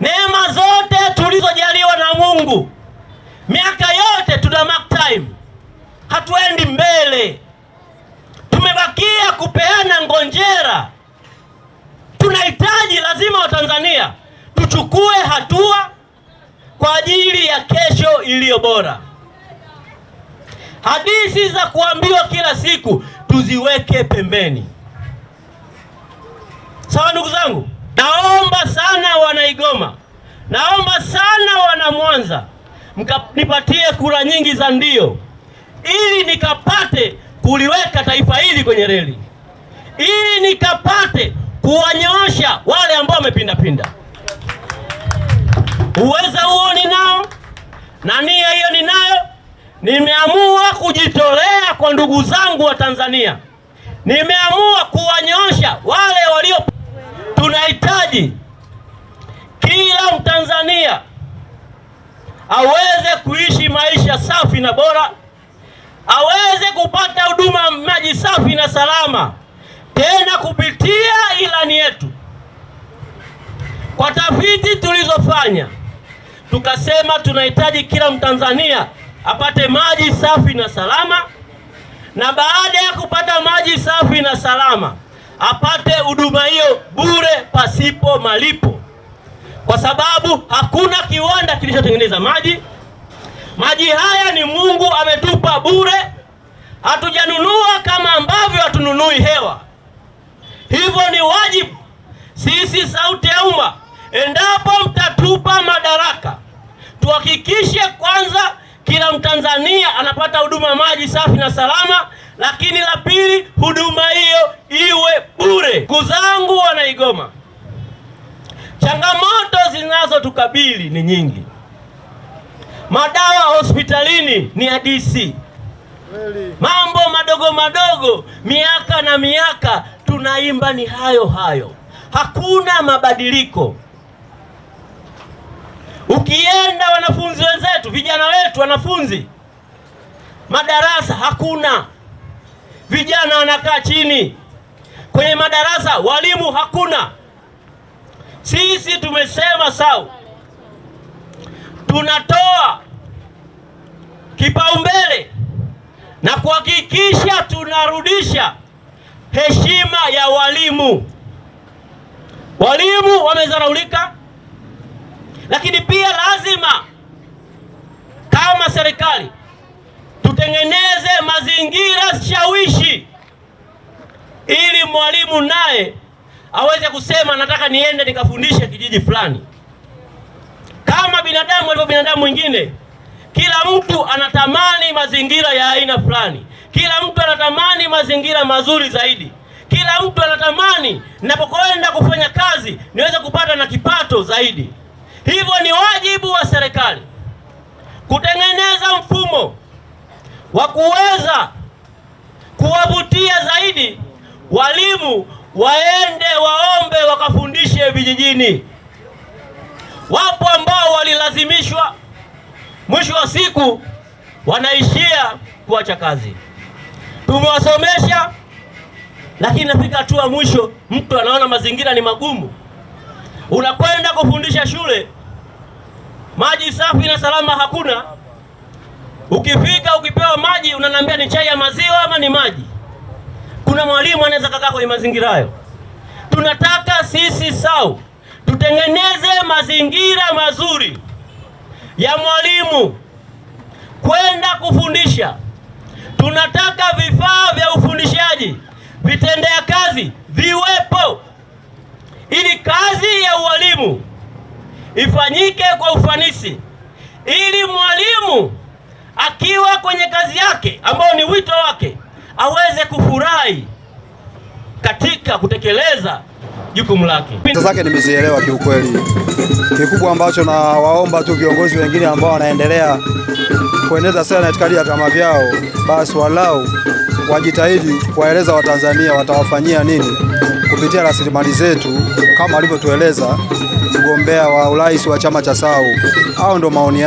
Neema zote tulizojaliwa na Mungu miaka yote tuna mark time, hatuendi mbele, tumebakia kupeana ngonjera. Tunahitaji lazima Watanzania tuchukue hatua kwa ajili ya kesho iliyo bora. Hadithi za kuambiwa kila siku tuziweke pembeni, sawa ndugu zangu naomba sana wanaigoma, naomba sana wana Mwanza, mkanipatie kura nyingi za ndio, ili nikapate kuliweka taifa hili kwenye reli, ili nikapate kuwanyoosha wale ambao wamepindapinda. Uweza huo ninao na nia hiyo ninayo. Nimeamua kujitolea kwa ndugu zangu wa Tanzania, nimeamua kuwanyoosha wale walio tunahitaji kila Mtanzania aweze kuishi maisha safi na bora, aweze kupata huduma maji safi na salama, tena kupitia ilani yetu. Kwa tafiti tulizofanya, tukasema tunahitaji kila Mtanzania apate maji safi na salama, na baada ya kupata maji safi na salama apate huduma hiyo bure pasipo malipo kwa sababu hakuna kiwanda kilichotengeneza maji. Maji haya ni Mungu ametupa bure, hatujanunua kama ambavyo hatununui hewa. Hivyo ni wajibu sisi Sauti ya Umma, endapo mtatupa madaraka, tuhakikishe kwanza kila Mtanzania anapata huduma maji safi na salama, lakini la pili, huduma hiyo iwe bure. Ndugu zangu Wanaigoma, Changamoto zinazotukabili ni nyingi. Madawa hospitalini ni hadisi, mambo madogo madogo, miaka na miaka tunaimba ni hayo hayo, hakuna mabadiliko. Ukienda wanafunzi wenzetu, vijana wetu, wanafunzi madarasa, hakuna vijana wanakaa chini kwenye madarasa, walimu hakuna sisi tumesema sawa, tunatoa kipaumbele na kuhakikisha tunarudisha heshima ya walimu. Walimu wamezaraulika, lakini pia lazima kama serikali tutengeneze mazingira shawishi ili mwalimu naye aweze kusema nataka niende nikafundishe kijiji fulani. Kama binadamu alivyo binadamu mwingine, kila mtu anatamani mazingira ya aina fulani, kila mtu anatamani mazingira mazuri zaidi, kila mtu anatamani napokwenda kufanya kazi niweze kupata na kipato zaidi. Hivyo ni wajibu wa serikali kutengeneza mfumo wa kuweza kuwavutia zaidi walimu waende waombe wakafundishe vijijini. Wapo ambao walilazimishwa, mwisho wa siku wanaishia kuacha kazi. Tumewasomesha, lakini nafika hatua mwisho, mtu anaona mazingira ni magumu. Unakwenda kufundisha shule, maji safi na salama hakuna. Ukifika ukipewa maji unaniambia ni chai ya maziwa ama ni maji kuna mwalimu anaweza kakaa kwenye mazingira hayo. Tunataka sisi SAU tutengeneze mazingira mazuri ya mwalimu kwenda kufundisha. Tunataka vifaa vya ufundishaji, vitendea kazi viwepo, ili kazi ya ualimu ifanyike kwa ufanisi, ili mwalimu akiwa kwenye kazi yake ambayo ni wito wake aweze kufurahi katika kutekeleza jukumu lake. Pesa zake nimezielewa kiukweli. Kikubwa ambacho na waomba tu viongozi wengine ambao wanaendelea kueneza sera na itikadi ya vyama vyao, basi walau wajitahidi kuwaeleza Watanzania watawafanyia nini kupitia rasilimali zetu, kama alivyotueleza mgombea wa urais wa chama cha SAU. Hao ndo maoni